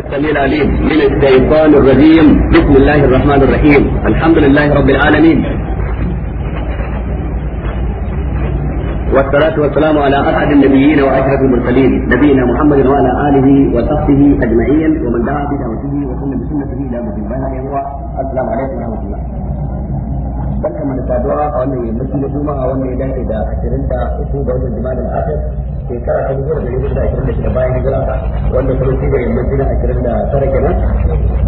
السميع العليم من الشيطان الرجيم بسم الله الرحمن الرحيم الحمد لله رب العالمين والصلاة والسلام على أسعد النبيين وأشرف المرسلين نبينا محمد وعلى آله وصحبه أجمعين ومن دعا بدعوته وسن بسنته إلى مثل بها هو السلام عليكم ورحمة الله بل كما saduwa a أو yammacin da juma'a wannan ya dace da 23 ga watan jima'a shekara ta dubu da dari da ashirin da shida bayan hijira wanda kuma shi da yanzu na ashirin da tara kenan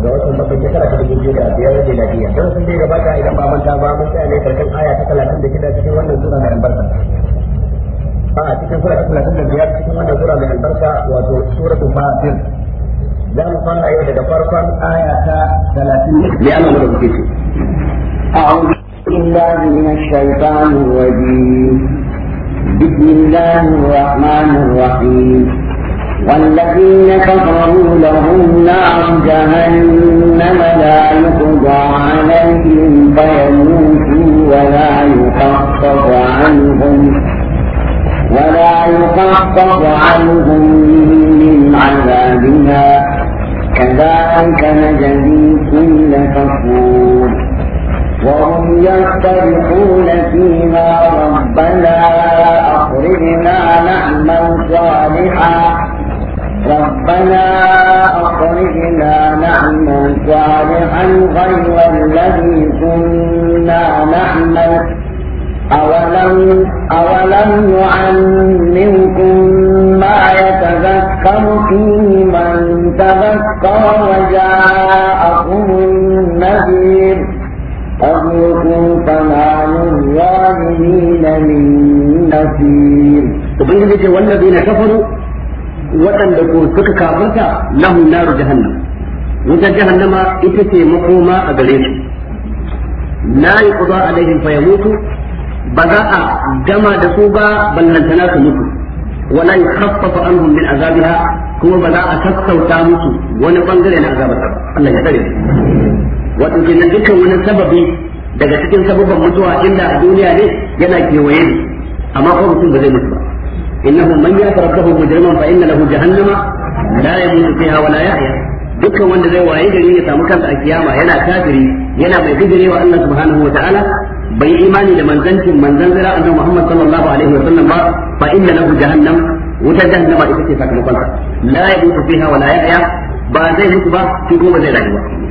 ga watan bakwai shekara ta dubu biyu da biyar da lafiya don sun dai gabata idan ba manta ba mun tsaya ne karshen aya ta talatin da shida cikin wannan sura mai albarka a cikin sura ta talatin da biyar cikin wannan sura mai albarka wato suratul fatir za mu fara yau daga farkon aya ta talatin da ana mana kuke ce أعوذ بالله من الشيطان الرجيم بسم الله الرحمن الرحيم والذين كفروا لهم نار جهنم لا يقضى عليهم فيموتوا ولا يخفف عنهم ولا يخفف عنهم من عذابها كذلك نجزي كل كفور وهم يختلفون فيما ربنا أخرجنا نعمل صالحا ربنا أخرجنا نعمل صالحا غير الذي كنا نعمل أولم, أولم يعلمكم ما يتذكر فيه من تذكر وجاءكم النذير أذوقوا فما للظالمين من نصير وبين والذين كفروا waɗanda ko suka kafarta na naru jahannam wutar jahannama ita ce makoma a gare su la yuqda alaihim fa yamutu ba za a dama da su ba ballantana su mutu wala yukhaffafu anhum min azabiha kuma ba za a sassauta musu wani bangare na azabar Allah ya wato kenan dukkan wani sababi daga cikin sababban mutuwa inda a duniya ne yana kewaye ne amma ko mutum ba zai mutu ba innahu man yatarabbahu mujriman fa inna lahu jahannama la yamutu fiha wa la yahya dukkan wanda zai waye gari ya samu kansa a kiyama yana kafiri yana mai bijirewa Allah subhanahu wa ta'ala bai yi imani da manzancin manzan zira annabi Muhammad sallallahu alaihi wa sallam ba fa inna lahu jahannam wuta jahannama ita ce sakamakon sa la yamutu fiha wa la yahya ba zai mutu ba shi kuma zai rayu ba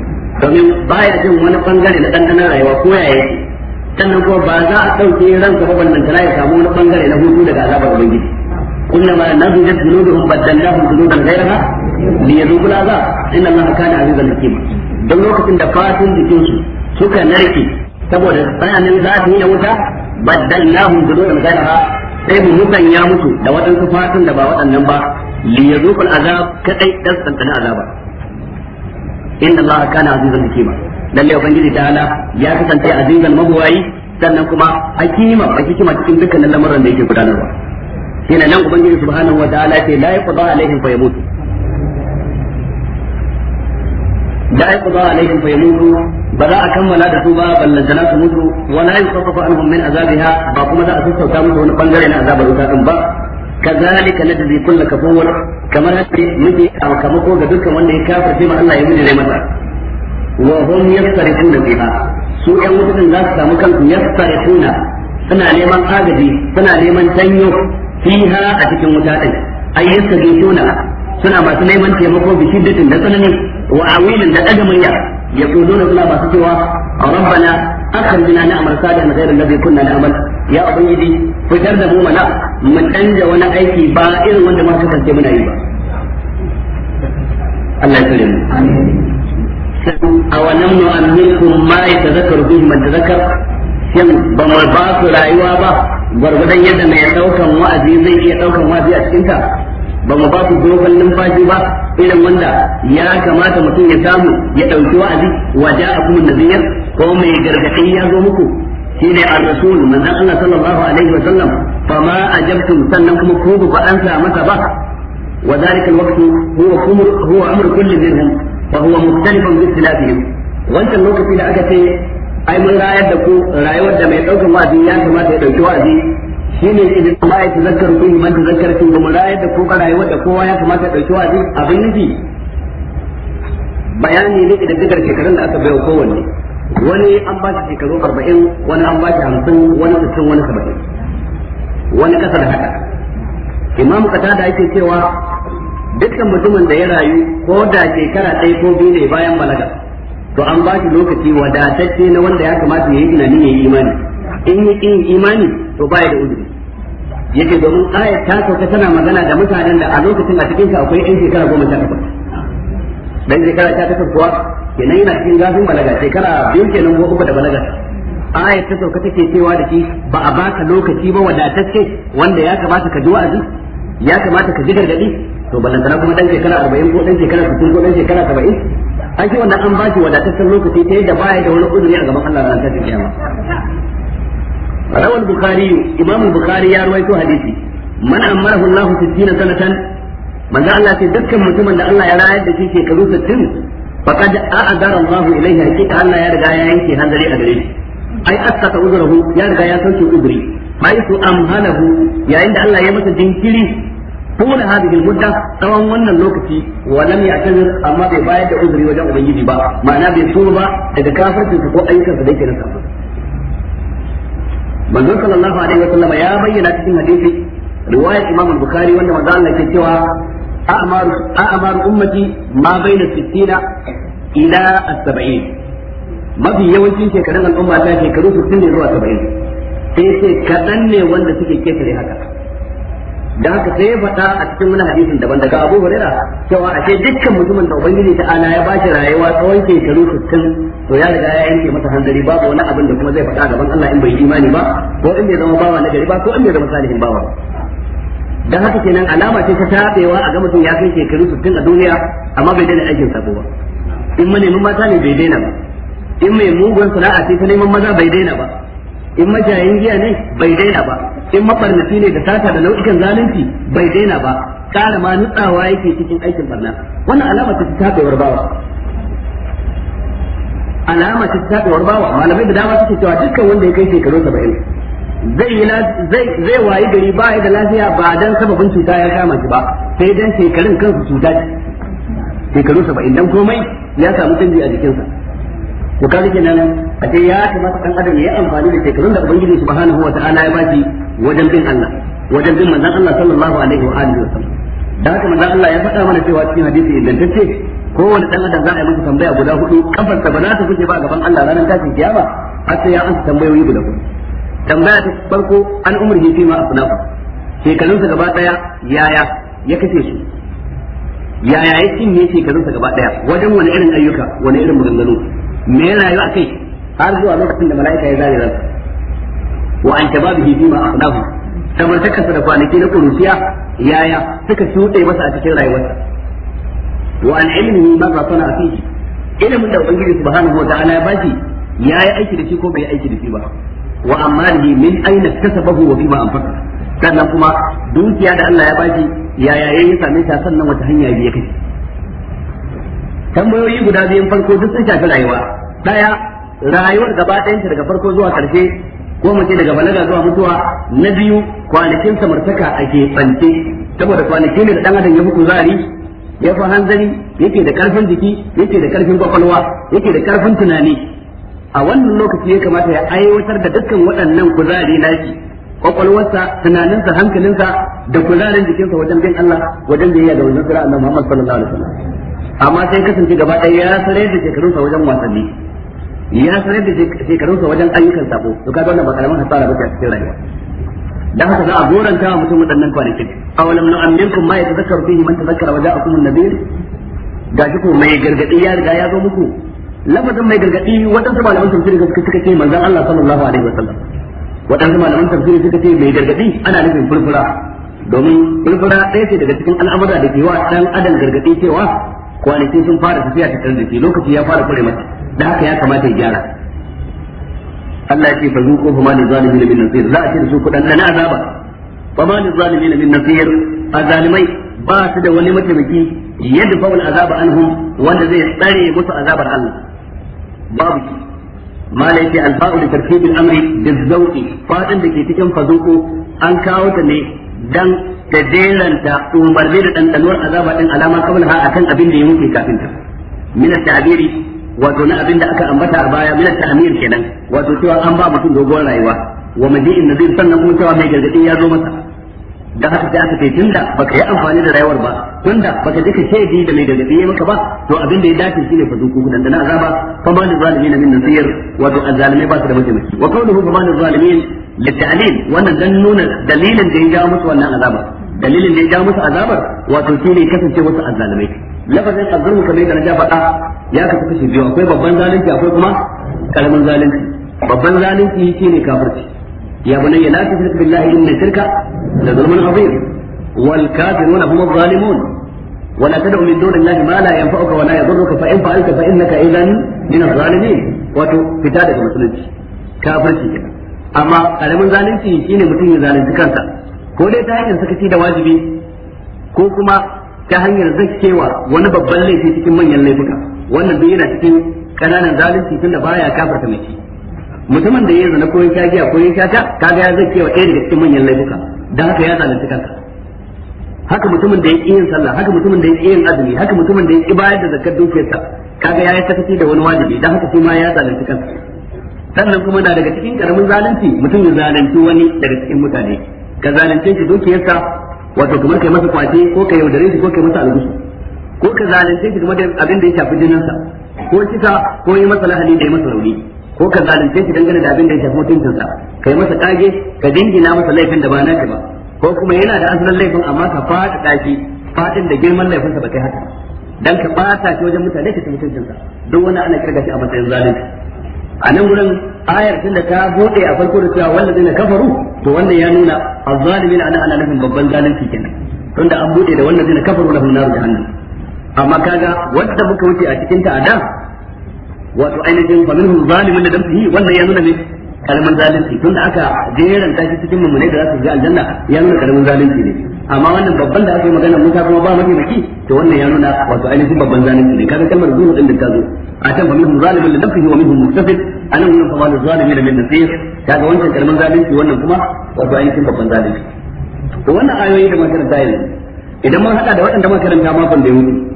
domin ba ya jin wani bangare na dandanan rayuwa ko yaya yake sannan kuma ba za a ɗauke ran ka wannan nan ya samu wani bangare na hutu daga azabar ubangiji kullama nazulat dhunubihum baddalnahum dhunuban ghayraha liyazuqu al'azab inna allaha kana azizan kima. don lokacin da fatin jikin su suka narke saboda tsananin yi na wuta baddalnahum dhunuban ghayraha sai mu ya mutu da waɗansu fatin da ba waɗannan ba liyazuqu azab kadai dan tsantsana azaba inna allaha kana azizan hakima lalle ubangiji ala ya kasance azizan mabuwayi sannan kuma hakima hakima cikin dukkanin lamuran da yake gudanarwa shine nan ubangiji subhanahu wa ta'ala ce la yaqda alaihim fa yamutu la yaqda alaihim fa yamutu ba za a kammala da su ba ballantana su mutu wa la yusafafu anhum min azabiha ba kuma za a sassauta musu wani bangare na azabar wuta din ba kazalika nadzi kullu kafur kamar haka muke sakamako ga dukkan wanda ya kafirce ma Allah ya gudu rai masa wa hum yastarifuna biha su ɗan mutum za su samu kansu yastarifuna suna neman agaji suna neman tanyo fiha a cikin wuta din ay yastarifuna suna masu neman taimako bi shiddatin da tsananin wa awilin da daga murya yaquluna suna masu cewa rabbana akhrijna na'mal salihan ghayra alladhi kunna na'mal ya ubangiji fitar da mu mana mu canja wani aiki ba irin wanda muka kasance muna yi ba Allah ya kare mu a wannan kun ma yatazakkaru bihi man zakar shan ba mu ba su rayuwa ba gwargwadon yadda mai daukan wa'azi zai iya daukan wa'azi a cikin ta ba mu ba su dogon numfashi ba irin wanda ya kamata mutum ya samu ya dauki wa'azi waje a kuma nadhir ko mai gargadi ya zo muku shine ar-rasul manzon Allah sallallahu alaihi wa sallam ajabtum sannan kuma ba an sa masa ba wa al-waqt huwa huwa kulli minhum huwa mukhtalifun bi ikhtilafihim wannan lokaci da aka ce ai mun rayar da ku rayuwar da mai wa'azi ya kamata ya dauki wa'azi shine idan man mun rayar da ku rayuwar da kowa ya kamata ya dauki wa'azi abin nufi bayani ne idan dukkan shekarun da aka bayar kowanne wani an ba shi shekaru arba'in wani an ba shi hamsin wani sittin wani saba'in wani ƙasa da haka Imam kata da ake cewa dukkan mutumin da ya rayu ko da shekara ɗaya ko biyu ne bayan balaga to an ba shi lokaci wadatacce na wanda ya kamata ya yi tunani ya yi imani in yi in imani to baya da uzuri yake domin ayat ta sauka tana magana da mutanen da a lokacin a cikin akwai yan shekara goma sha takwas dan shekara ta takwas kuwa kenan yana cikin gafin balaga shekara biyu kenan ko uku da balaga aya ta sauka take cewa da shi ba a baka lokaci ba wadatacce wanda ya kamata ka ji wa'azi ya kamata ka ji gargadi to balantana kuma dan shekara 40 ko dan shekara 60 ko dan shekara 70 an ce wannan an baki wadataccen lokaci ta yadda baya da wani uzuri a gaban Allah ran ta kiyama rawal bukhari imam bukhari ya ruwaito hadisi man amarahu Allah 60 sanatan manzo Allah ce dukkan mutumin da Allah ya rayar da shi shekaru 60 faqad a'adara Allahu ilayhi hakika Allah ya riga ya yanke hanzari a gare shi ai asqata uzrahu ya riga ya sauke uzri haitu amhalahu yayin da Allah ya masa jinkiri tsawon طول هذه المدة سواء ون اللوكتي ولم يعتذر أما بباية عذري وجاء أبيدي با معناه بصورة إذا كافر تتقو أي كافر ديك نسافر manzon sallallahu alaihi wa sallama ya bayyana cikin hadisi riwayar imam al-bukhari wanda manzo Allah ke cewa أعمار أعمار أمتي ما بين الستين إلى السبعين ما في يوم شيء كذا الأمة لا شيء كذا ستين إلى السبعين sai ce kaɗan ne wanda suke ketare haka da haka sai ya faɗa a cikin wani hadisin daban daga abu Hurairah cewa a ce dukkan mutumin da ubangiji ta ana ya ba shi rayuwa tsawon shekaru sittin to ya riga ya yanke masa hanzari babu wani abin da kuma zai faɗa gaban Allah in bai imani ba ko in bai zama bawa na gari ba ko in bai zama salihin bawa dan haka kenan alama ce ta tabewa a ga mutum ya kai shekaru 60 a duniya amma bai daina aikin sabo ba in neman mata ne bai daina ba in mai mugun sana'a ce ta neman maza bai daina ba in majayin giya ne bai daina ba in mafarnaci ne da sata da nau'ikan zalunci bai daina ba kara ma nutsawa yake cikin aikin barna wannan alama ce ta tabewar bawa alama ce ta tabewar bawa malamai da dama suke cewa dukkan wanda ya kai shekaru 70 zai zai zai wayi gari ba da lafiya ba dan sababin cuta ya kama shi ba sai dan shekarun kansu cuta ce shekaru 70 dan komai ya samu canji a jikinsa to kaga kenan a ce ya kamata kan adam ya amfani da shekarun da ubangiji subhanahu wa ta'ala ya bashi wajen bin Allah wajen bin manzon Allah sallallahu alaihi wa alihi wa sallam da haka manzon Allah ya faɗa mana cewa cikin hadisi idan ingantacce kowane dan adam za a yi masa tambaya guda hudu kafarsa ba za ta fice ba gaban Allah ranar tashin kiyama har sai ya ansa tambayoyi guda hudu tambaya ta farko an umrihi fi ma asnafa shekarunsa gaba daya yaya ya kace su yaya ya cinye shekarunsa gaba daya wajen wani irin ayyuka wani irin maganganu me ya rayu akai har zuwa lokacin da mala'ika ya zare ransa wa an tababihi fi ma asnafa samartakarsa da kwanaki na kurusiya yaya suka shuɗe masa a cikin rayuwarsa wa an ilmihi ma za sana fihi ilimin da ubangiji subhanahu wa ta'ala ya bashi yayi aiki da shi ko bai aiki da shi ba wa amalihi min aina kasabahu wa bima anfaqa sannan kuma dukiya da Allah ya bashi yaya ya same ta sannan wata hanya biye kai tambayoyi guda biyun farko duk sun shafi rayuwa daya rayuwar gaba ɗayanta daga farko zuwa karshe ko mu ce daga balaga zuwa mutuwa na biyu kwanakin samartaka ake keɓance saboda kwanaki ne da dan adam ya fi kuzari ya fi hanzari yake da karfin jiki yake da karfin kwakwalwa yake da karfin tunani a wannan lokaci ya kamata ya aiwatar da dukkan waɗannan kuzari naki kwakwalwarsa tunaninsa hankalinsa da kuzarin jikinsa wajen bin Allah wajen biyayya ga wannan sura Allah Muhammad sallallahu alaihi wasallam amma sai kasance gaba ɗaya ya sarai da shekarunsa wajen wasanni ya sarai da shekarunsa wajen ayyukan sabo to kaga wannan ba karaman hasara ba ce a cikin rayuwa dan haka za a goranta wa mutum waɗannan kwanakin awalam nu amminkum ma yatazakkaru fihi man tazakkara wa ja'akumun an-nadir gashi ko mai gargadi ya riga ya zo muku lafazin mai gargadi waɗansu malaman tafsiri suka suka ce manzon Allah sallallahu alaihi wasallam waɗansu malaman tafsiri suka ce mai gargadi ana nufin furfura domin furfura ɗaya ce daga cikin al'amura da ke wa ɗan adam gargadi cewa kwanaki sun fara tafiya ta da jiki lokaci ya fara kure mata da haka ya kamata ya gyara Allah ya ce fa zuqu fa ma lil zalimin min nasir za a ce da su kudan na azaba fa ma lil zalimin min nasir azalimai ba su da wani mataimaki yadda fa wal azaba anhum wanda zai tsare musu azabar Allah babu shi malai ce alba'u da tarkibin amri bizauqi fadin da ke cikin fazuku an kawo ta ne dan da delanta umarni da dandanuwar azaba din alama kabul ha akan abin da ya muke kafin ta min ta'biri wato na abin da aka ambata a baya min ta'mir kenan wato cewa an ba mutum dogon rayuwa wa madi'in nadir sannan kuma cewa mai gargadi ya zo masa da haka sai aka ce tunda baka yi amfani da rayuwar ba tunda baka je ka shaidi da mai gargaɗi ya maka ba to abin da ya dace shine fa zuku dan dana azaba fa ma ni zalimin min nasir wato azzalimai ba su da mataimaki wa qawluhu fa ma ni zalimin litalil wannan dan nuna dalilin da ya jawo musu wannan azaba dalilin da ya jawo musu azabar wato shine kasance wasu azzalimai lafazin azzalmu kamar da na ja faɗa ya kasu kashi biyu akwai babban zalunci akwai kuma karamin zalunci babban zalunci shine kafirci يا بني لا تشرك بالله إن الشرك لظلم عظيم والكافرون هم الظالمون ولا تدع من دون الله ما لا ينفعك ولا يضرك فإن فعلت فإنك إذا من الظالمين wato fita daga musulunci kafirci kenan amma karamin zalunci shine mutum ya zalunci kansa ko dai ta hanyar sakaci da wajibi ko kuma ta hanyar zakkewa wani babban laifi cikin manyan laifuka wannan duk cikin kananan zalunci da baya kafirta mai mutumin da ya zana ko ya sha giya ko ta kaga ya zai kewa ɗaya daga cikin manyan laifuka dan haka ya zalunci kanka haka mutumin da ya ƙi yin sallah haka mutumin da ya ƙi yin azumi haka mutumin da ya ƙi bayar da zakar dukiyarsa kaga ya yi sakaci da wani wajibi dan haka shi ma ya zalunci kanka sannan kuma na daga cikin karamin zalunci mutum ya zalunci wani daga cikin mutane ka zalunce shi dukiyarsa wato kamar kai masa kwace ko ka yaudare shi ko kai masa alhusu ko ka zalunce shi kamar abin da ya shafi jininsa ko kisa ko yi masa lahani da ya masa rauni ko ka zalunce shi dangane da abin da ya shafi mutuncinsa kai masa kage ka dingina masa laifin da ba naka ba ko kuma yana da asalin laifin amma ka fada daki fadin da girman laifinsa ba kai haka dan ka bata shi wajen mutane ka ci mutuncinsa duk wani ana kirga shi a matsayin zalunci a nan gurin ayar tunda ta bude a farko da cewa wanda zai kafaru to wannan ya nuna azzalimin ana ana nufin babban zalunci kenan tunda an bude da wanda zai kafaru na hunar jahannam amma kaga wanda muka wuce a cikin ta a da wato ainihin fa minhum zalimin da nafsihi wannan ya nuna ne kalman zalunci tunda aka jeran ta shi cikin mummune da za su je aljanna ya nuna kalman zalunci ne amma wannan babban da aka yi magana Musa kuma ba mataimaki to wannan ya nuna wato ainihin babban zalunci ne kaga kalmar zuwa din da ta zo a can fa minhum zalimin da nafsihi wa minhum muqtasid anan wannan fa minhum zalimin min nasir kaga wancan kalman zalunci wannan kuma wato ainihin babban zalunci to wannan ayoyi da makaranta yanzu idan mun hada da waɗanda makaranta makon da ya wuce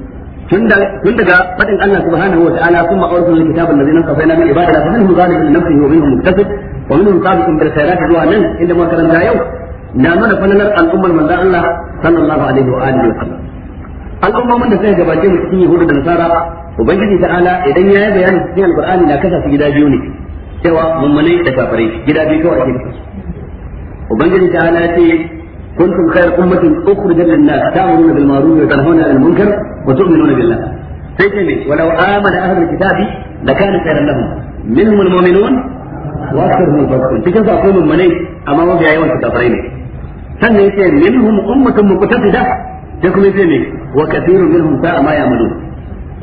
tun daga faɗin Allah subhanahu wa ta'ala kuma auratu lil kitab allazi nasafaina min ibadina fa minhum zalimun li nafsihi wa minhum muktasib wa minhum sabiqun bil khairat zuwa nan inda muka karanta yau na mana falalar al'ummar manzon Allah sallallahu alaihi wa alihi wa sallam al'ummomin da suka gabace mu cikin yahudu da nasara ubangiji ta'ala idan ya yi bayani cikin alqur'ani na kasa su gida biyu ne cewa mummunai da kafirai gida biyu kawai ke ubangiji ta'ala ya ce كنتم خير أمة أخرجت للناس تأمرون بالمعروف وتنهون عن المنكر وتؤمنون بالله سيتمي ولو آمن أهل الكتاب لكان خيرا لهم منهم المؤمنون وأكثرهم الفاسقون تكن تقول من أما وفي أيوان كتابرين سنة يتمي منهم أمة مقتصدة تكن يتمي وكثير منهم ساء ما يعملون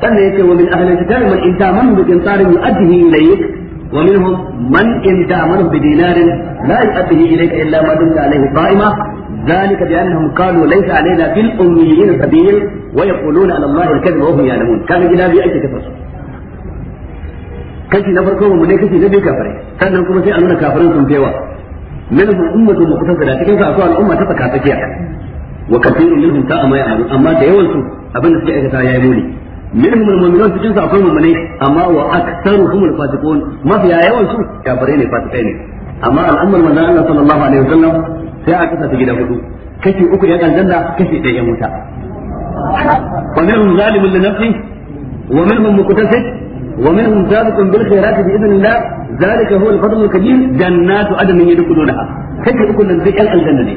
سنة يتمي ومن أهل الكتاب من إن تأمنه بقنطار يؤديه إليك ومنهم من إن تأمنه بدينار لا يؤديه إليك إلا ما دمت عليه قائما ذلك بأنهم قالوا ليس علينا في الأميين سبيل ويقولون على الله الكذب وهم يعلمون كان جنا بي أيك كفر kashi na farko mu ne kashi na biyu kafare sannan kuma sai a nuna kafarin sun fewa minhum ummatun muqtasida cikin sa akwai al'umma ta tsaka tsakiya wa kathirun minhum sa'a ma ya'malu amma da yawan su abin da suke aikata yayi muni minhum al-mu'minun cikin sa akwai mu'mini amma wa aktsaruhum al-fasiqun mafiya kafare ne ne amma Allah sallallahu alaihi sai a kasa ta gida hudu kashi uku yan aljanna kashi ɗaya yan wuta wa minhum zalimun li nafsi wa minhum muqtasid wa minhum bil khairati bi idhnillah zalika huwa al-fadl al-kabir jannatu adnin kashi uku nan duk yan aljanna ne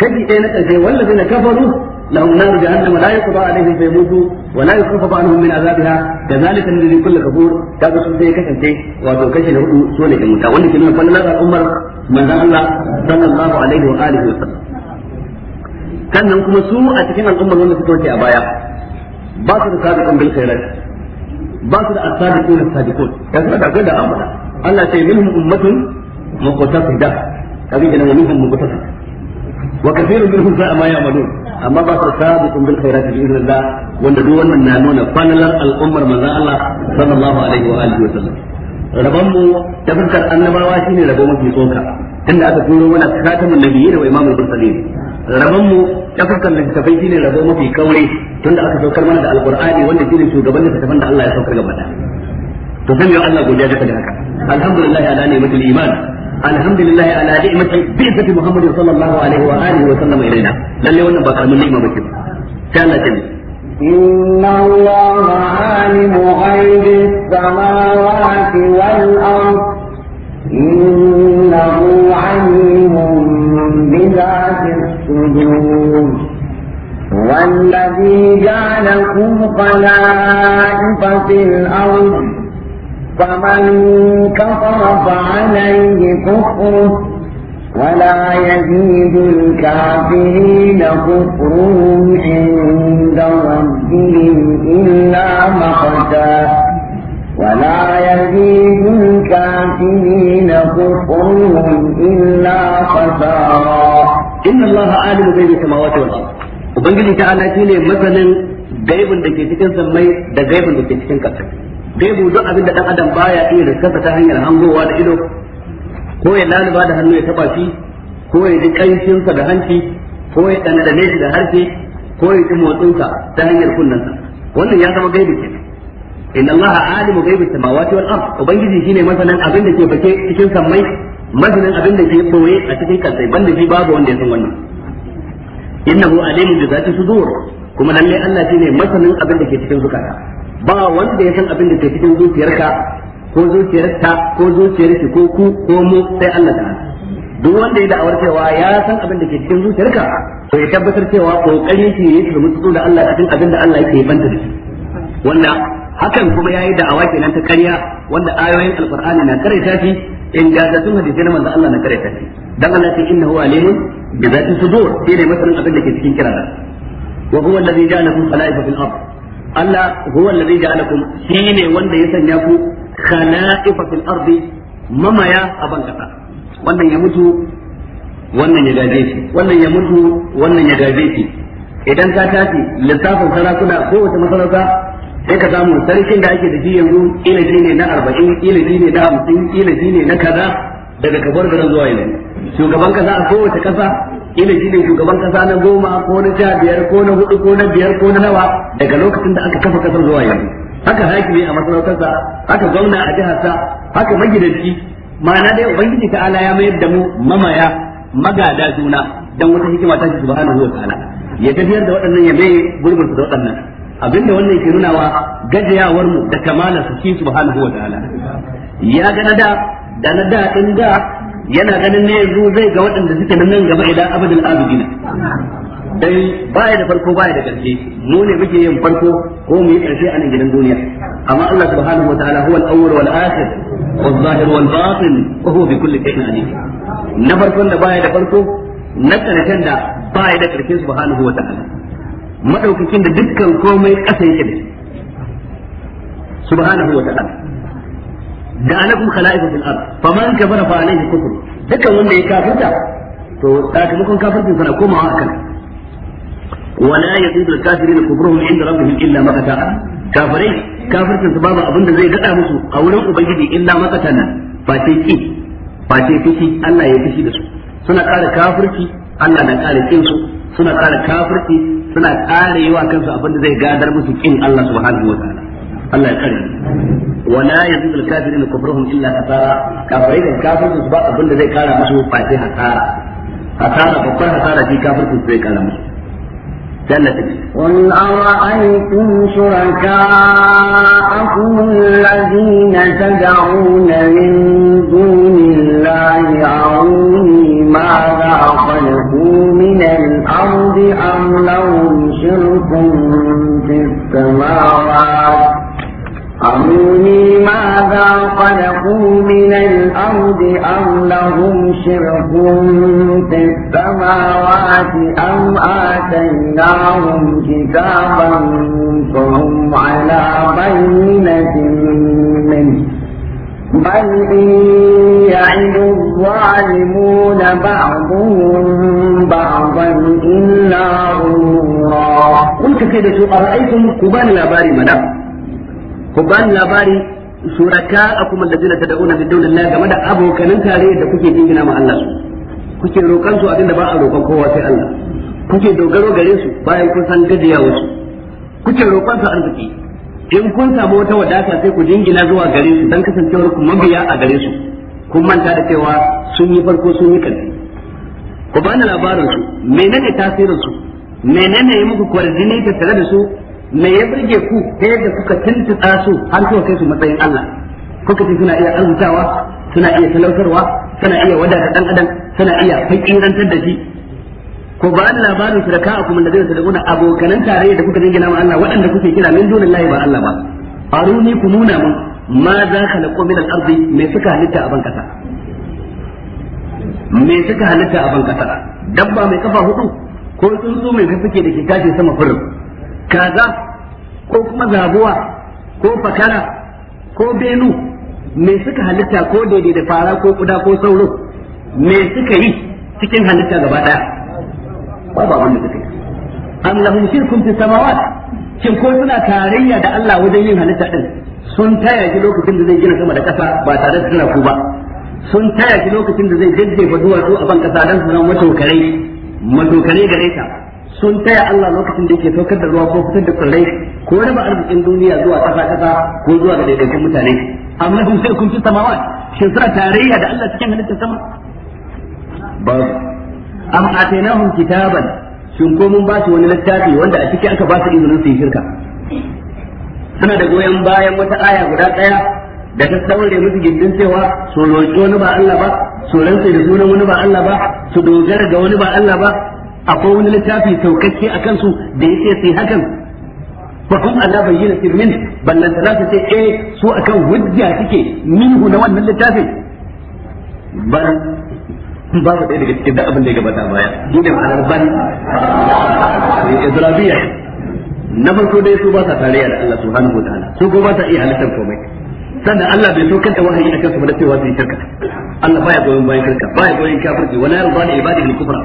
kashi ɗaya na ƙarshe wallazina kafaru لهم نار جهنم لا يقضى عليهم فيموتوا ولا يخفف عنهم من عذابها كذلك كل كفور كذا manzon Allah sallallahu alaihi wa alihi wasallam sannan kuma su a cikin al'ummar wanda suka wuce a baya ba su da sabiqun bil khairat ba su da as-sabiqun as-sabiqun ya suna da gwada amana Allah sai minhum ummatun muqtasida kabi da minhum muqtasida wa kathirun minhum sa'a ma ya'malun amma ba su sabiqun bil khairat bi idnillah wanda duk wannan na nuna fanalar al'ummar manzon Allah sallallahu alaihi wa alihi wasallam rabon mu ta fuskar annabawa shine rabo mafi tsoka tunda aka turo mana khatamun nabiyyi wa imamul mursalin rabon mu ta fuskar littafai shine rabo mafi kaure tunda aka saukar mana da alqur'ani wanda shine shugaban littafin da Allah ya saukar gaba to zan yi Allah godiya da haka alhamdulillah ala ni'matul iman alhamdulillah ala ni'matil bi'sati muhammadin sallallahu alaihi wa alihi wa sallam ilaina lalle wannan ba karamin ni'ima bace sai Allah ya إن الله عالم غيب السماوات والأرض إنه عليم بذات الصدور والذي جعلكم خلائف في الأرض فمن كفر فعليه كفره Wala yazi ɗinka fili na kufurin shi don wanzi in na mafata, wala yazi ɗinka fili na kufurin in na fasa. ta wani. Ubangili ne matsalar gaiba da ke cikin samai da gaiba da ke cikin kasa. Gaiba uba abinda dan adam baya iya rikarsa ta hanyar hangowa da ido ko ya laluba da hannu ya taba shi ko ya ji kanshinsa da hanci ko ya da shi da harshe ko ya ji motsinsa ta hanyar kunnensa wannan ya zama gaibi kenan inna allaha alimu gaibi samawati wal ard ubangiji shine masanin abin da ke bake cikin sammai masanin abin da ke boye a cikin kansa banda shi babu wanda ya san wannan innahu alimu bi zati sudur kuma lalle Allah shine masanin abin da ke cikin zukata ba wanda ya san abin da ke cikin zuciyarka ko zuciyarta ko zuciyarki ko ku ko mu sai Allah ta'ala duk wanda ya da'awar cewa ya san abin da ke cikin zuciyarka to ya tabbatar cewa kokarin shi yake da mutu da Allah cikin abin da Allah yake banta da shi wanda hakan kuma yayi da'awa kenan ta ƙarya wanda ayoyin alqur'ani na karanta shi in ga gagatun hadisi na manzo Allah na karanta shi dan Allah sai innahu alimun bi zati sudur sai dai masalan abin da ke cikin kirara wa huwa alladhi ja'alakum khala'ifa fil ard Allah huwa alladhi ja'alakum ne wanda ya sanya ku khala'ifa fil ardi mamaya a ban kasa wannan ya mutu wannan ya gaje shi wannan ya mutu wannan ya gaje shi idan ka tashi lissafin sarakuna kowace masarauta sai ka samu sarkin da ake da shi yanzu ila shi ne na arba'in ila shi ne na hamsin ila shi ne na kaza daga kabar da zuwa yanzu shugaban kasa a kowace kasa ila shi ne shugaban kasa na goma ko na sha biyar ko na hudu ko na biyar ko na nawa daga lokacin da aka kafa kasar zuwa yanzu haka hakimi a masarautarsa haka gwamna a jiharsa haka magidanci ma'ana dai ubangiji ta ala ya mayar da mu mamaya magada juna dan wata hikima ta shi subhanahu wa ta'ala ya tafiyar da waɗannan ya mai gurbinsu da waɗannan abinda wannan ke nunawa gajiyawar mu da kamala su shi subhanahu wa ta'ala ya ga da da na da din da yana ganin ne yanzu zai ga waɗanda suke nan gaba idan abadul abidina dai baya da farko baya da ƙarshe mu ne muke yin farko ko mu yi ƙarshe a nan gidan duniya amma Allah subhanahu wataala huwa al-awwal wal akhir wal zahir wal batin wa huwa bi kulli shay'in alim na farkon da baya da farko na ƙarshen da baya da ƙarshe subhanahu wataala madaukakin da dukkan komai ƙasa yake da subhanahu wataala da anakum khala'ifu fil ard faman kafara fa alayhi kufr dukkan wanda ya kafirta to sakamakon kafircin sana komawa akan ولا يزيد الكافرين كفرهم عند ربهم الا مقتا كافرين كافرين سبب ابن da zai gada musu a wurin ubangiji illa makatan face ki face kici Allah ya kici da su suna ƙara kafirci Allah na ƙara kin su suna ƙara kafirci suna ƙara yawa kansu abin da zai gadar musu kin Allah subhanahu wataala Allah ya kare wala yazid al-kafirin kufruhum illa hasara kafirai da kafirin su ba abin da zai kara musu face hasara hasara babbar hasara ji kafirin zai kara musu قل أرأيتم شركاءكم الذين تدعون من دون الله أروني ماذا خلقوا من الأرض أم لهم شرك في السماوات أروني ماذا خلقوا من الأرض أم لهم شرك في السماوات أم آتيناهم كتابا فهم على بينة منه بل إن يعد الظالمون بعضهم بعضا إلا غرورا قلت كده أرأيتم كبان الأبار منام ku ni labari shuraka akum alladina tad'una min dunillahi game da abokanin tare da kuke jingina ma Allah su kuke roƙan su abinda ba a roƙan kowa sai Allah kuke dogaro gare su bayan kun san gajiya wasu kuke roƙon su arziki in kun samu wata wadata sai ku jingina zuwa gare su dan kasancewar ku mabiya a gare su kun manta da cewa sun yi farko sun yi kalli ku bani labarin su menene tasirin su menene yi muku kwarjini tare da su me ya burge ku ta yadda kuka tuntuɗa su har kuka kai su matsayin Allah kuka ce suna iya arzutawa suna iya talautarwa suna iya wadata dan adam suna iya fakirantar da shi ko ba Allah ba ne shirka a kuma da zai na abokanan tarayya da kuka dingina ma Allah waɗanda kuke kira min dunin lahi ba Allah ba aruni ku nuna mun ma za ka lako min al-ardi me suka halitta a ban kasa me suka halitta a ban kasa dabba mai kafa hudu ko tsuntsu mai ke da ke tashi sama furin kaza ko kuma zabuwa ko fakara ko benu me suka halitta ko daidai da fara ko kuda ko sauro me suka yi cikin halitta gaba daya ba ba wanda suka yi am lahum shirkum fi samawat kin ko suna tarayya da Allah wajen yin halitta din sun taya ki lokacin da zai gina sama da kasa ba tare da tana ku ba sun taya ki lokacin da zai jajjefa duwatsu a ban kasa dan su zama matokarai matokarai gare ta sun taya Allah lokacin da yake saukar da ruwa ko fitar da tsirrai ko raba arzikin duniya zuwa kasa kasa ko zuwa ga daidaitun mutane amma kun sai kun fi samawa shin suna tarayya da Allah cikin halittar sama ba am atainahum kitaban sun ko mun ba su wani littafi wanda a ciki aka ba su izinin su yi shirka suna da goyon bayan wata aya guda daya da ta saurare musu gindin cewa su roƙi wani ba Allah ba su rantsa da sunan wani ba Allah ba su dogara ga wani ba Allah ba akwai wani littafi saukakke a kansu da ya ce sai hakan fa kun ala bayyana sirmin ballan ta su ce eh su akan hujja suke minhu na wannan littafi. ba babu ɗaya daga cikin abin da ya gabata baya gidan ma'anar ban izrabiya na farko dai su ba sa tarayya da Allah subhanahu wa ta'ala su ko ba sa iya halittar komai sannan Allah bai so kanta wahayi akan su da cewa su yi shirka Allah baya goyon bayan shirka baya goyon kafirci wala yarda li ibadihi al-kufra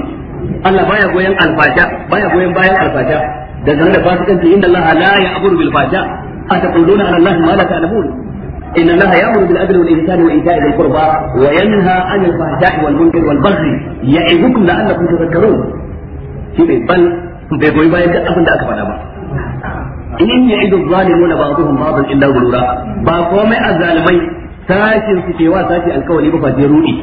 Allah baya goyen alfaja baya goyen bayan alfaja daga nan da kanta inda Allah la ya ya'muru bil faja ataquluna ala Allah ma la ta'lamun إن الله يأمر بالعدل والإحسان wal ذي القربى وينهى عن الفحشاء والمنكر والبغي يعظكم لعلكم goyi bayan بل abin da aka أبدا ba in ya'idu zalimuna ba'dhum ba'dhan illa ghurura ba komai azzalimai sashin su cewa sashi alkawari ba faje rudi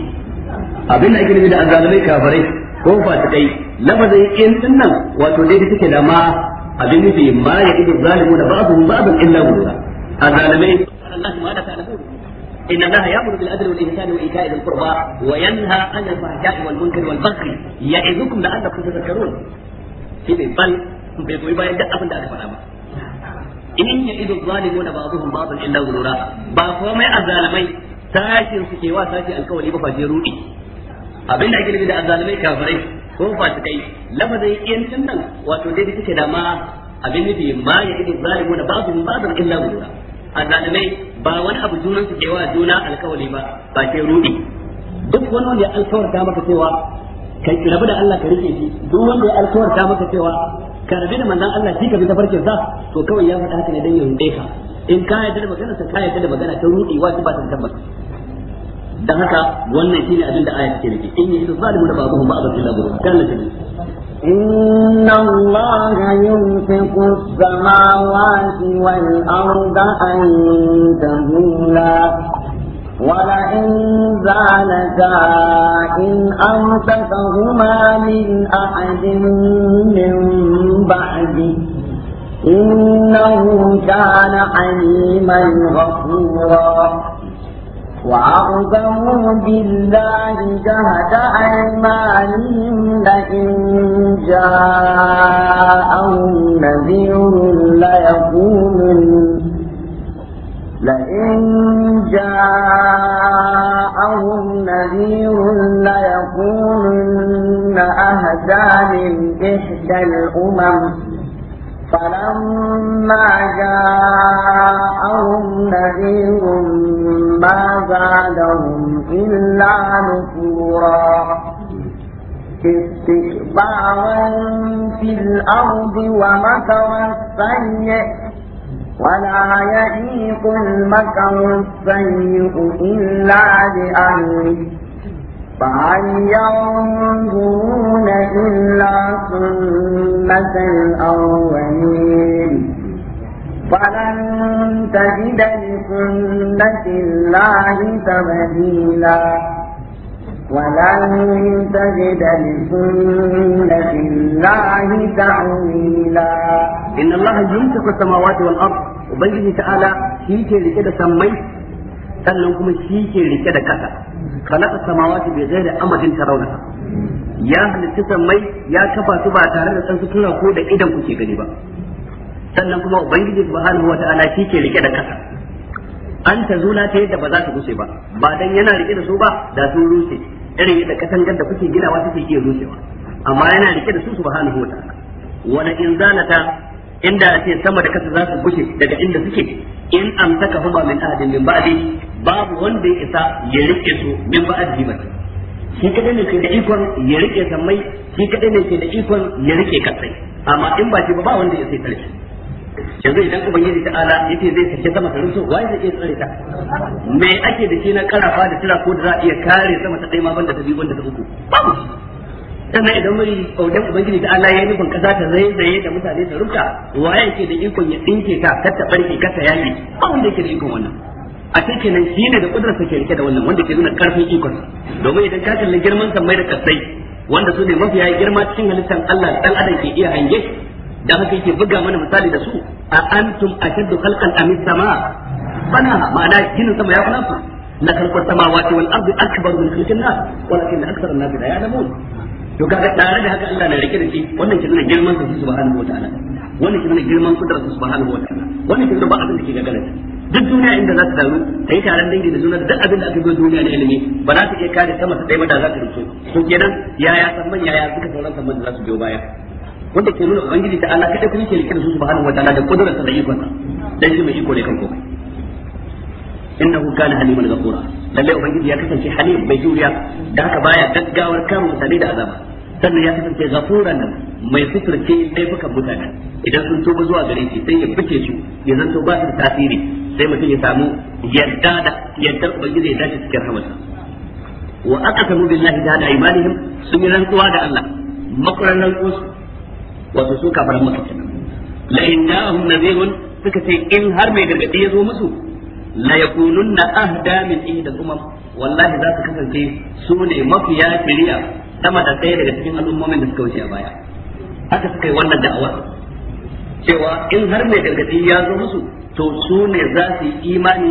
abin da ake nufi da azzalimai kafirai ko fasikai lafazin in din nan wato dai take da ma abin nufi ma ya ido zalimu da ba'dhum ba'd illa gurura azalimai Allah ma da ta'ala إن الله يأمر بالعدل والإحسان وإيتاء ذي القربى وينهى عن الفحشاء والمنكر والبغي يعظكم لعلكم تذكرون. في بل بيقول باين da aka ده ba. in ya idu zalimu da ba'dhum ba'dhan illa ghurura ba komai azalamai tashin suke wa sashi alkawari ba fa je rudi abin da ake nufi da azalimai kafirai ko fasikai lafazin yancin nan wato dai take da ma abin nufi ma ya idu zalimuna babu ba'dan illa gura azalimai ba wani abu junan su kewa juna alkawali ba ba ke rudi duk wani wanda ya alkawarta maka cewa ka rabu da Allah ka rike shi duk wanda ya alkawarta maka cewa ka rabu da manzon Allah shi ka bi tafarkin sa to kawai ya faɗa haka ne dan ya runde ka in ka yarda da magana sa ka yarda da magana ta rudi wasu ba ta tabbata dan haka wannan shine abin da aya da nufi in yashu zalimu da ba'dhum ba'dhan illa ghurur kana tabi إن الله يمسك السماوات والأرض أن ولئن زالتا إن أمسكهما من أحد من بعده إنه كان حليما غفورا وأقسموا بالله جهد أيمانهم لئن جاءهم نذير ليكونن لئن جاءهم نذير ليكونن أهدى من إحدى الأمم فلما جاءهم نذير ما زادهم إلا نفورا استكبارا في الأرض ومكر السيء ولا يليق المكر السيء إلا بأهله فهل ينظرون إلا سنة الأولين فلن تجد لسنة الله تبديلا ولن تجد لسنة الله تعويلا إن الله يمسك السماوات والأرض وبيده تعالى هيك لكده سميت sannan kuma shi ke rike da kasa khalaqa samawati zai da amadin tarawna ya halitta sammai ya kafa su ba tare da sansu tunan ko da idan kuke gani ba sannan kuma ubangiji subhanahu wata'ala shi ke rike da kasa an ta zuna ta yadda ba za ta rushe ba ba dan yana rike da su ba da sun rushe irin yadda katangar da kuke ginawa take iya rushewa amma yana rike da su subhanahu wata'ala wala in zanata inda ake sama da kasa za su bushe daga inda suke in amsaka huma min ahadin min ba'di babu wanda ya isa ya rike su min ba'ad ba shi kadai ne ke da ikon ya rike sammai shi kadai ne ke da ikon ya rike kasai amma in ba shi ba ba wanda ya sai tsare yanzu idan ta ala yace zai sake sama ta rusu wai zai iya tsare ta me ake da shi na karafa da tira ko da za a iya kare sama ta kai ma banda ta biyu banda ta uku babu sannan idan mai kaudan ubangiji da Allah ya yi nufin kasa ta zaizaye da mutane ta ruka waye yake da ikon ya dinke ta kar ta barke kar ta yaye ba wanda yake da ikon wannan a cikin nan shi ne da kudurarsa ke rike da wannan wanda ke nuna karfin ikon domin idan ka kalli girman mai da kasai wanda su ne mafiya girma cikin halittar Allah dan adam ke iya hange da haka yake buga mana misali da su a antum ashaddu khalqan am sama bana ma'ana jinin sama ya kuna ku la khalqu samawati wal ardi akbar min khalqin nas walakin akthar an-nas la ya'lamun to kaga tare da haka Allah na rike da shi wannan kin nuna girman sa subhanahu wa ta'ala wannan kin nuna girman kudurarsa subhanahu wa ta'ala wannan kin nuna ba abin da ke gagara duk duniya inda za su taru ta yi taron dangi da juna da duk abin da aka yi duniya na ilimi ba za su iya kare sama su ɗaya da za su rufe to kenan yaya samman yaya suka sauran samman da za su biyo baya wanda ke nuna ubangiji ta Allah kada kuma ke rike da su subhanahu wa ta'ala da sa da ikonsa dan shi mai iko ne kan komai innahu kana haliman ghafura lalle ubangiji ya kasance halim mai juriya da haka baya gaggawar kama mutane da azaba sannan ya kasance ghafuran mai ke laifukan mutane idan sun tuba zuwa gare shi sai ya fice su ya zan ba su tasiri sai mutum ya samu yadda da yaddar ubangiji ya dace cikin hamasa wa aqsamu billahi da imanihim sun yi rantsuwa da Allah makuran rantsuwa wato su kafaran maka kenan la in ja'ahum nadhirun suka ce in har mai gargadi ya zo musu la yakununna ahda min ihda da umam wallahi za su kasance su ne mafiya shari'a sama da ɗaya daga cikin al'ummomin da suka wuce a baya haka suka yi wannan da'awar cewa in har mai gargadi ya zo musu to su ne za su yi imani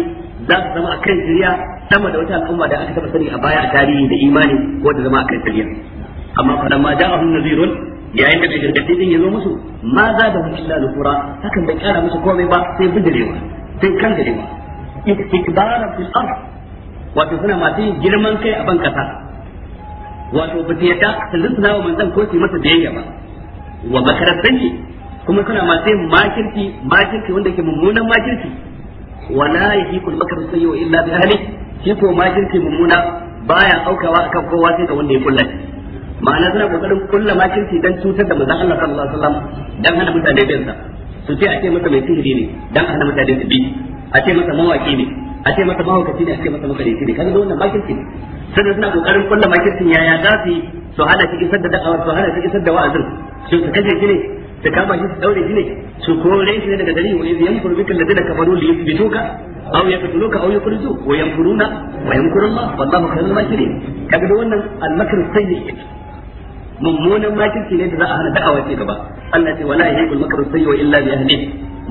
za su zama a kan shirya sama da wata al'umma da aka taba sani a baya a tarihi da imani ko da zama a kan shirya amma fadan ma hun nazirun yayin da mai gargadi din ya zo musu ma za da hun illa nufura hakan bai kara musu komai ba sai bidirewa sai kan garewa istikbaran fi ard wato suna masu yin girman kai a ban kasa wato ba ta yadda su lissana wa manzan ko su masa biyayya ba wa makarantanci kuma suna masu yin makirci makirci wanda ke mummunan makirci wala kun makru sayyi illa bi ahli shi ko makirci mummuna baya aukawa akan kowa sai ga wanda ya kulla ma'ana suna kokarin kulla makirci dan cutar da manzon Allah sallallahu alaihi wasallam dan hana mutane bin sa su ce a ce masa mai sihiri ne dan hana mutane su bi a ce masa mawaki ne a ce masa mahaukaci ne a ce masa makarici ne kaga wannan makirci ne sannan suna kokarin kulla makircin yaya za su su hada shi isar da da'awar su hada shi isar da wa'azin su su kashe shi ne su kama shi su daure shi ne su kore shi ne daga gari da yanzu yamkuru bika ladina ya li yuthbituka aw yaqtuluka aw yukhrizu wa yamkuruna wa yamkuru Allah wallahu khayrul makirin ka da wannan almakar sanyi mummunan makirci ne da za a hana da'awar ci gaba Allah ce wala yahiqul makru sayyi illa bi ahlihi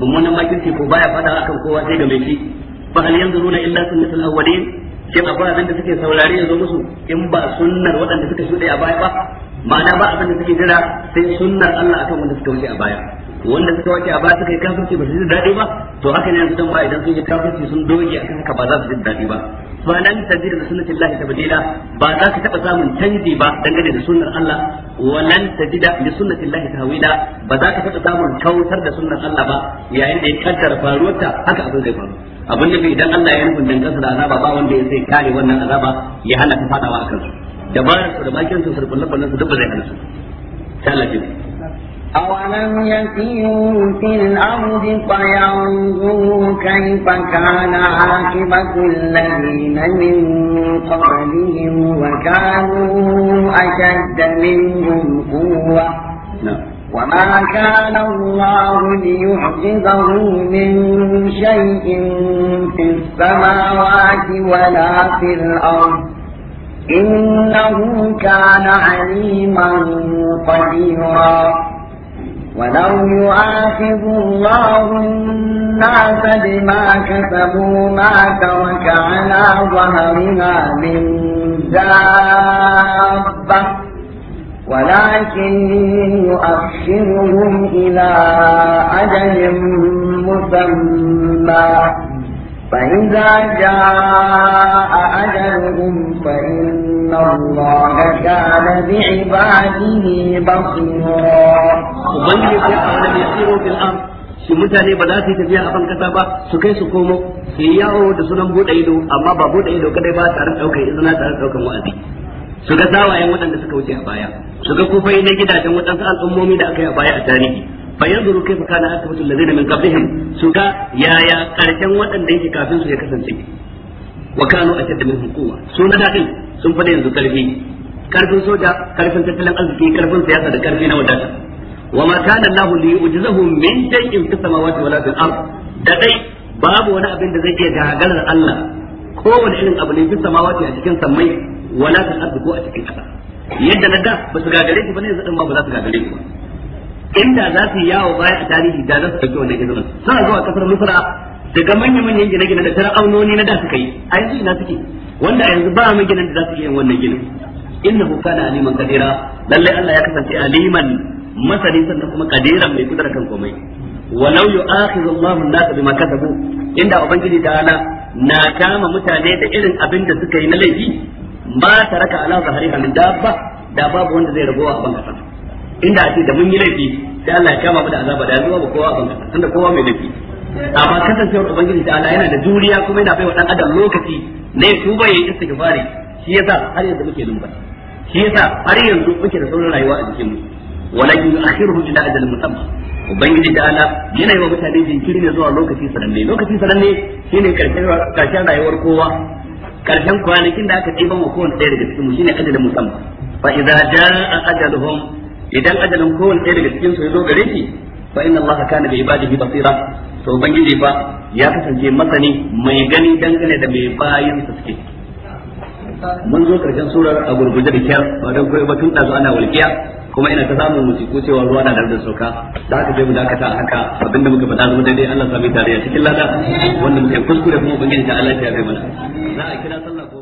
mummunan makirci ko baya fada akan kowa sai ga mai shi fa hal yanzuruna illa sunnatul awwalin shin akwai abin da suke saurari yanzu musu in ba sunnar waɗanda suka shuɗe a baya ba ma'ana ba abin da suke jira sai sunnar Allah akan wanda suka wuce a baya wanda suka wuce a baya suka yi kafirci ba su ji daɗi ba to haka ne sun ba idan sun yi kafirci sun doge akan haka ba za su ji daɗi ba na nan tadir da sunnatin Allah tabdila ba za ka taɓa samun canji ba dangane da sunnar Allah walan tajida li sunnatin Allah hawila ba za ka taɓa samun kautar da sunnar Allah ba yayin da ya kaddara faruwarta haka abin zai faru abin da idan Allah ya nufin dangansa da azaba ba wanda ya sai kare wannan azaba ya hana ta fadawa akan su dabarar su da bakin su surfin lafanin su duk zai hana su talabi أولم يسيروا في الأرض فينظروا كيف كان عاقبة الذين من قبلهم وكانوا أشد منهم قوة وما كان الله ليعجزه من شيء في السماوات ولا في الأرض إنه كان عليما قديرا ولو يؤاخذ الله الناس بما كسبوا ما ترك على ظهرها من دابه ولكن يؤخرهم إلى أجل مسمى فإذا جاء أجلهم فإن الله كان بعباده بصيرا su mutane ba za su yi tafiya a kasa ba su kai su komo su yi yawo da sunan buɗe ido amma ba buɗe ido kadai ba tare da ɗaukar izina tare da ɗaukar wa'azi su ga tsawayen waɗanda suka wuce a baya su ga kufai na gidajen waɗansu al'ummomi da aka yi a baya a tarihi bayan zuru kai fuka na mutum da zai qablihim su ga yaya karshen waɗanda yake kafin su ya kasance wa a cikin min hukuma su na dadin sun fada yanzu ƙarfi ƙarfin soja ƙarfin tattalin arziki ƙarfin siyasa da ƙarfi na wadata wa ma kana Allah li yu'jizahu min shay'in fi samawati wala fil ard da dai babu wani abin da zai iya gagarar Allah wani irin abu ne fi samawati a cikin samai wala fil ard ko a cikin ƙasa yadda na da ba su gagare ku ba ne zaɗin ma ba za su gagare ku inda za su yawo baya a tarihi da za su ɗauki wannan izinin suna zuwa kasar misra daga manyan manyan gine-gine da fir'aunoni na da suka yi a yanzu ina suke wanda a yanzu ba mu ginin da za su iya wannan ginin innahu kana aliman kadira lalle Allah ya kasance aliman masani sannan kuma kadiran mai kudura kan komai walau yu'akhidhu Allahu an-nasa bima kasabu inda ubangiji ta'ala na kama mutane da irin abin da suka yi na laifi ta raka ala zahriha min dabba da babu wanda zai rabuwa a bangasa inda a ce da mun yi laifi sai Allah ya kama mu da azaba da zuwa ba kowa a bangasa tunda kowa mai laifi amma kasancewar ubangiji da Allah yana da juriya kuma yana baiwa dan adam lokaci ne ba yayi istighfari shi yasa har yanzu muke ba. shi yasa har yanzu muke da sauran rayuwa a jikin mu walakin akhiruhu ila ajal musamma ubangiji da Allah yana yi wa mutane jinkiri ne zuwa lokaci sananne lokaci sananne shine karshen rayuwar kowa karshen kwanakin da aka ɗiban wa kowanne ɗaya daga cikin mu shine ajalin musamman fa idza jaa ajaluhum idan ajalin kowanne ɗaya daga cikin su ya zo gare shi fa inna allaha kana bi ibadihi basira to ubangiji fa ya kasance masani mai gani dangane da mai bayan sa suke mun zo karshen surar a gurguje da kiyar ba don kai ba tun ɗazu ana walƙiya kuma ina ta samun musiku cewa ruwa na da sauka da haka sai mu dakata haka abinda muka faɗa zama daidai Allah sami tare cikin lada wanda muke kuskure kuma ubangiji ta Allah ya kai mana za a kira sallah